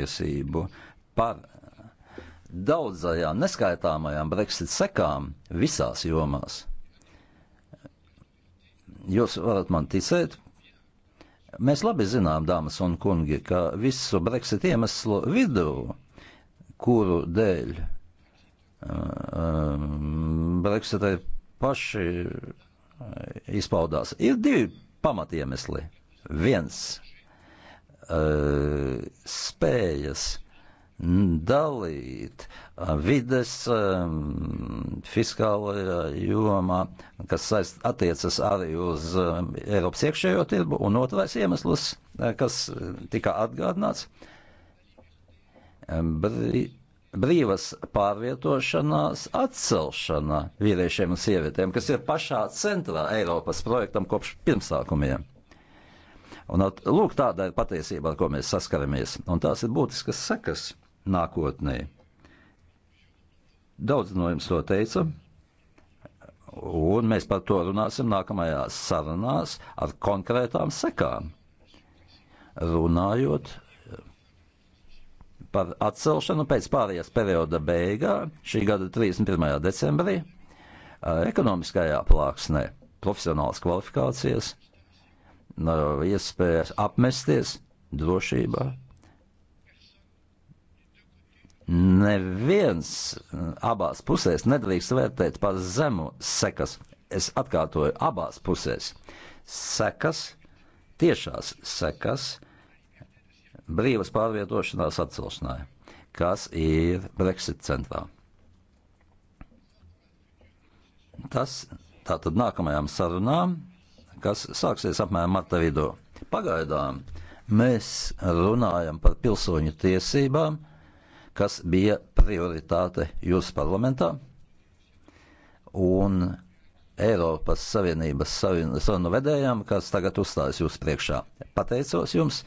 tiesību par eh, daudzajām neskaitāmajām Brexit sekām visās jomās. Jūs varat man ticēt, mēs labi zinām, dāmas un kungi, ka visu Brexit iemeslu vidū, kuru dēļ um, Brexitai paši izpaudās, ir divi pamatiemesli. Viens E, spējas dalīt e, vides e, fiskālajā jomā, kas saist, attiecas arī uz Eiropas iekšējo tirbu, un otrais iemesls, kas tika atgādināts, brī, brīvas pārvietošanās atcelšana vīriešiem un sievietēm, kas ir pašā centrā Eiropas projektam kopš pirmsākumiem. Un, at, lūk, tāda ir patiesība, ar ko mēs saskaramies. Un tās ir būtiskas sekas nākotnē. Daudz no jums to teica. Un mēs par to runāsim nākamajās sarunās ar konkrētām sekām. Runājot par atcelšanu pēc pārējās perioda beigā, šī gada 31. decembrī, eh, ekonomiskajā plāksnē, profesionālas kvalifikācijas, nav iespējas apmesties drošībā. Neviens eh, abās pusēs nedrīkst vērtēt par zemu sekas. Es atkārtoju, abās pusēs sekas, tiešās sekas, brīvas pārvietošanās atcelšanai, kas ir Brexit centrā. Tas tātad nākamajām sarunām kas sāksies apmēram marta vidū. Pagaidām mēs runājam par pilsoņu tiesībām, kas bija prioritāte jūsu parlamentā, un Eiropas Savienības sarunu vedējām, kas tagad uzstājas jūsu priekšā. Pateicos jums,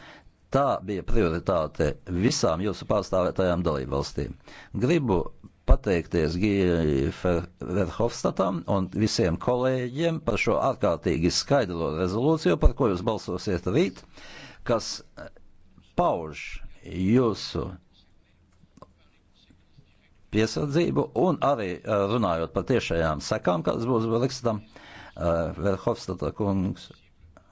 tā bija prioritāte visām jūsu pārstāvētajām dalībvalstīm. Gribu pateikties Gijai Verhofstatam un visiem kolēģiem par šo ārkārtīgi skaidro rezolūciju, par ko jūs balsosiet rīt, kas pauž jūsu piesardzību un arī eh, runājot par tiešajām sekām, kas būs Brexitam, eh, Verhofstata kungs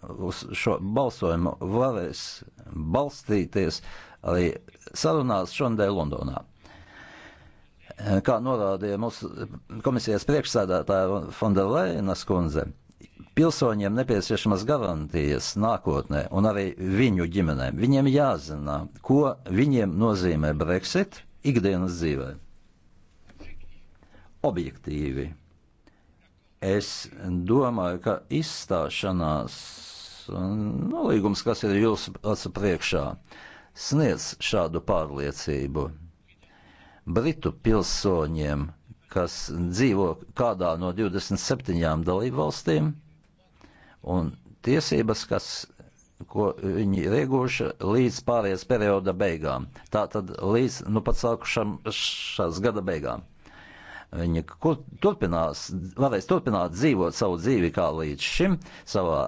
uz šo balsojumu varēs balstīties arī sarunās šonadēļ Londonā kā norādīja mūsu komisijas priekšsēdētāja Fonderleinas kundze, pilsoņiem nepieciešamas garantijas nākotnē un arī viņu ģimenēm. Viņiem jāzina, ko viņiem nozīmē Brexit ikdienas dzīvē. Objektīvi. Es domāju, ka izstāšanās nolīgums, nu, kas ir jūsu priekšā, sniedz šādu pārliecību. Britu pilsoņiem, kas dzīvo kādā no 27 dalībvalstīm, un tiesības, kas, ko viņi ir ieguvuši līdz pārējais perioda beigām. Tātad līdz nu pat sākušam šās gada beigām. Viņi turpinās, varēs turpināt dzīvot savu dzīvi kā līdz šim savā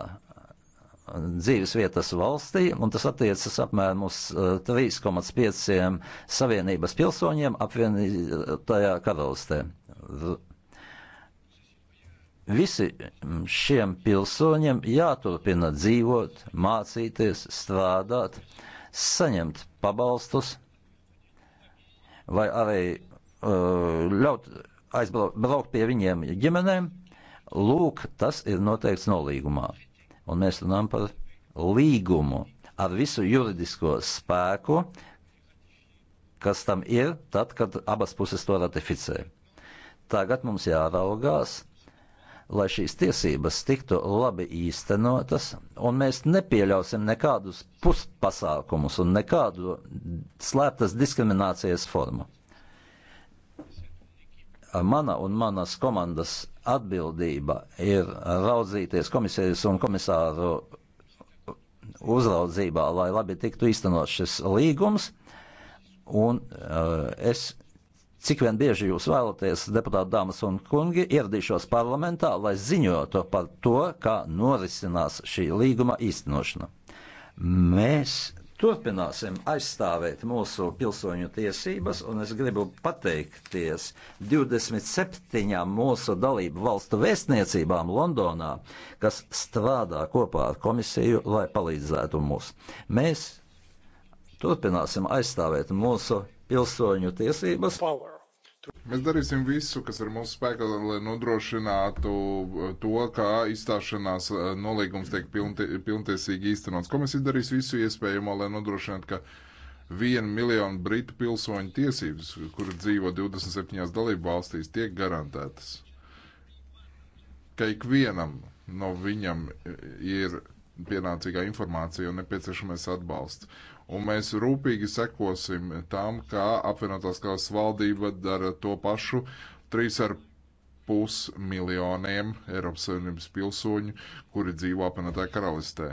dzīves vietas valstī, un tas attiecas apmēram uz 3,5 eh, savienības pilsoņiem apvienotajā karalistē. Visi šiem pilsoņiem jāturpina dzīvot, mācīties, strādāt, saņemt pabalstus, vai arī uh, ļaut aizbraukt pie viņiem ģimenēm. Lūk, tas ir noteikts nolīgumā. Un mēs runājam par līgumu ar visu juridisko spēku, kas tam ir, tad, kad abas puses to ratificē. Tagad mums jāraugās, lai šīs tiesības tiktu labi īstenotas, un mēs nepieļausim nekādus puspasākumus un nekādu slēptas diskriminācijas formu mana un manas komandas atbildība ir raudzīties komisijas un komisāru uzraudzībā, lai labi tiktu īstenot šis līgums. Un uh, es, cik vien bieži jūs vēlaties, deputāti, dāmas un kungi, ieradīšos parlamentā, lai ziņotu par to, kā norisinās šī līguma īstenošana. Mēs Turpināsim aizstāvēt mūsu pilsoņu tiesības, un es gribu pateikties 27 mūsu dalību valstu vēstniecībām Londonā, kas strādā kopā ar komisiju, lai palīdzētu mums. Mēs turpināsim aizstāvēt mūsu pilsoņu tiesības. Power. Mēs darīsim visu, kas ir mūsu spēkā, lai nodrošinātu uh, to, ka izstāšanās uh, nolīgums tiek pilnti, pilntiesīgi īstenots. Komisija darīs visu iespējamo, lai nodrošinātu, ka vienu miljonu britu pilsoņu tiesības, kur dzīvo 27 dalību valstīs, tiek garantētas. Ka ikvienam no viņam uh, ir pienācīgā informācija un nepieciešamais atbalsts. Un mēs rūpīgi sekosim tam, kā apvienotās kādas valdība dara to pašu 3,5 miljoniem Eiropas Savienības pilsoņu, kuri dzīvo apvienotā karalistē.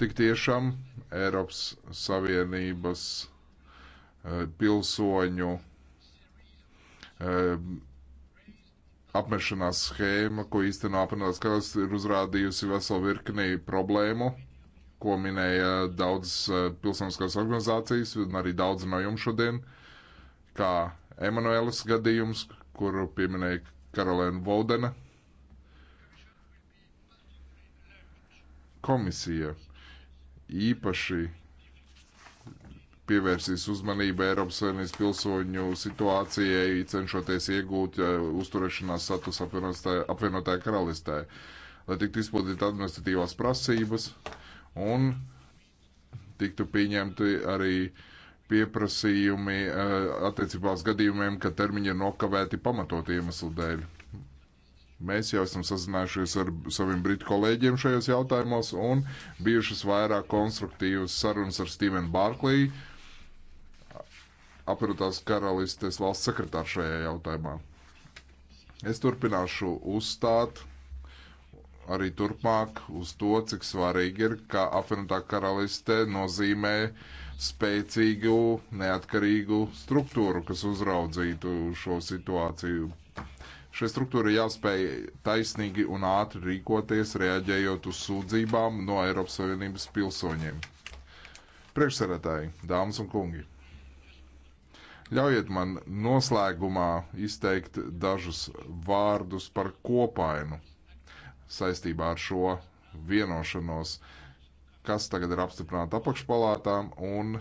Tik tiešām Eiropas Savienības eh, pilsoņu eh, apmešanās schēma, ko īstenībā apmešanās kalas ir uzrādījusi veselu virknī problēmu, ko minēja daudz eh, pilsoniskās organizācijas un arī daudz no jums šodien, kā Emanuēlis gadījums, kuru pieminēja Karolēna Vaudena. Komisija īpaši pievērsīs uzmanību Eiropas Savienības pilsoņu situācijai, cenšoties iegūt uzturēšanās status apvienotajā karalistē, lai tiktu izpildīt administratīvās prasības un tiktu pieņemti arī pieprasījumi eh, attiecībās gadījumiem, ka termiņi ir nokavēti pamatot iemeslu dēļ. Mēs jau esam sazinājušies ar saviem britu kolēģiem šajos jautājumos un bijušas vairāk konstruktīvas sarunas ar Stevenu Bārkliju, apvienotās karalistes valsts sekretārs šajā jautājumā. Es turpināšu uzstāt arī turpmāk uz to, cik svarīgi ir, ka apvienotā karaliste nozīmē spēcīgu, neatkarīgu struktūru, kas uzraudzītu šo situāciju. Šai struktūrai jāspēj taisnīgi un ātri rīkoties, reaģējot uz sūdzībām no Eiropas Savienības pilsoņiem. Priekšsēdētāji, dāmas un kungi! Ļaujiet man noslēgumā izteikt dažus vārdus par kopainu saistībā ar šo vienošanos, kas tagad ir apstiprināta apakšpalātām un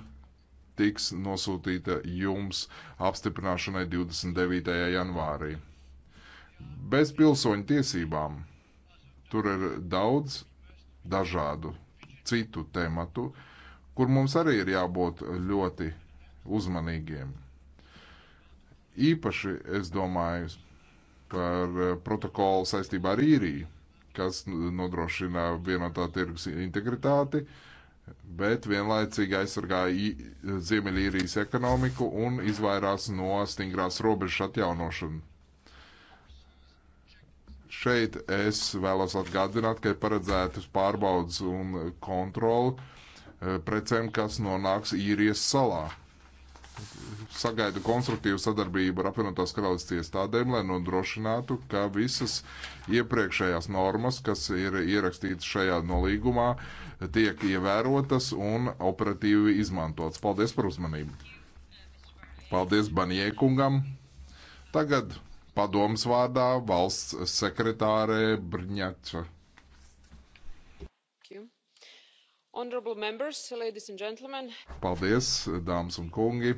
tiks nosūtīta jums apstiprināšanai 29. janvārī. Bez pilsoņu tiesībām tur ir daudz dažādu citu tematu, kur mums arī ir jābūt ļoti uzmanīgiem. Īpaši es domāju par eh, protokolu saistībā ar īriju, kas nodrošina vienotā tirgus integritāti, bet vienlaicīgi aizsargāja Ziemeļīrijas ekonomiku un izvairās no stingrās robežas atjaunošanu. Šeit es vēlos atgādināt, ka ir paredzētas pārbaudas un kontroli eh, precēm, kas nonāks īrijas salā sagaidu konstruktīvu sadarbību ar apvienotās karalists iestādēm, lai nodrošinātu, ka visas iepriekšējās normas, kas ir ierakstītas šajā nolīgumā, tiek ievērotas un operatīvi izmantotas. Paldies par uzmanību! Paldies Baniekungam! Tagad padoms vārdā valsts sekretārē Brņača. Paldies, dāmas un kungi!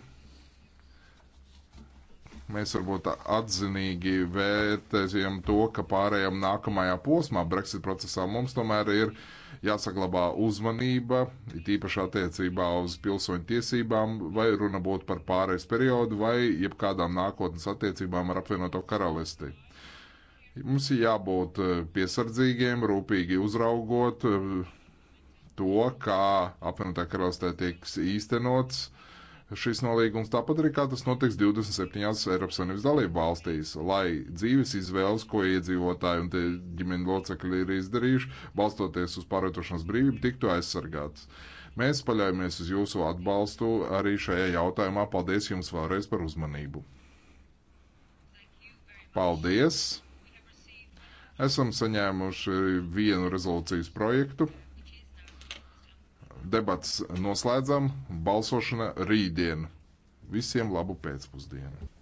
Mēs varbūt atzinīgi vērtējam to, ka pārējām nākamajā posmā Brexit procesā mums tomēr ir jāsaglabā uzmanība, it īpaši attiecībā uz pilsoņu tiesībām, vai runa būtu par pārējais periodu, vai jebkādām nākotnes attiecībām ar apvienoto karalisti. Mums ir jābūt piesardzīgiem, rūpīgi uzraugot to, kā apvienotā karalistē tiks īstenots šis nolīgums, tāpat arī kā tas notiks 27. Eiropas Savienības dalību valstīs, lai dzīves izvēles, ko iedzīvotāji un ģimeņu locekļi ir izdarījuši, balstoties uz pārvietošanas brīvību, tiktu aizsargātas. Mēs paļaujamies uz jūsu atbalstu arī šajā jautājumā. Paldies jums vēlreiz par uzmanību. Paldies! Esam saņēmuši vienu rezolūcijas projektu. Debats noslēdzam, balsošana rītdien. Visiem labu pēcpusdienu!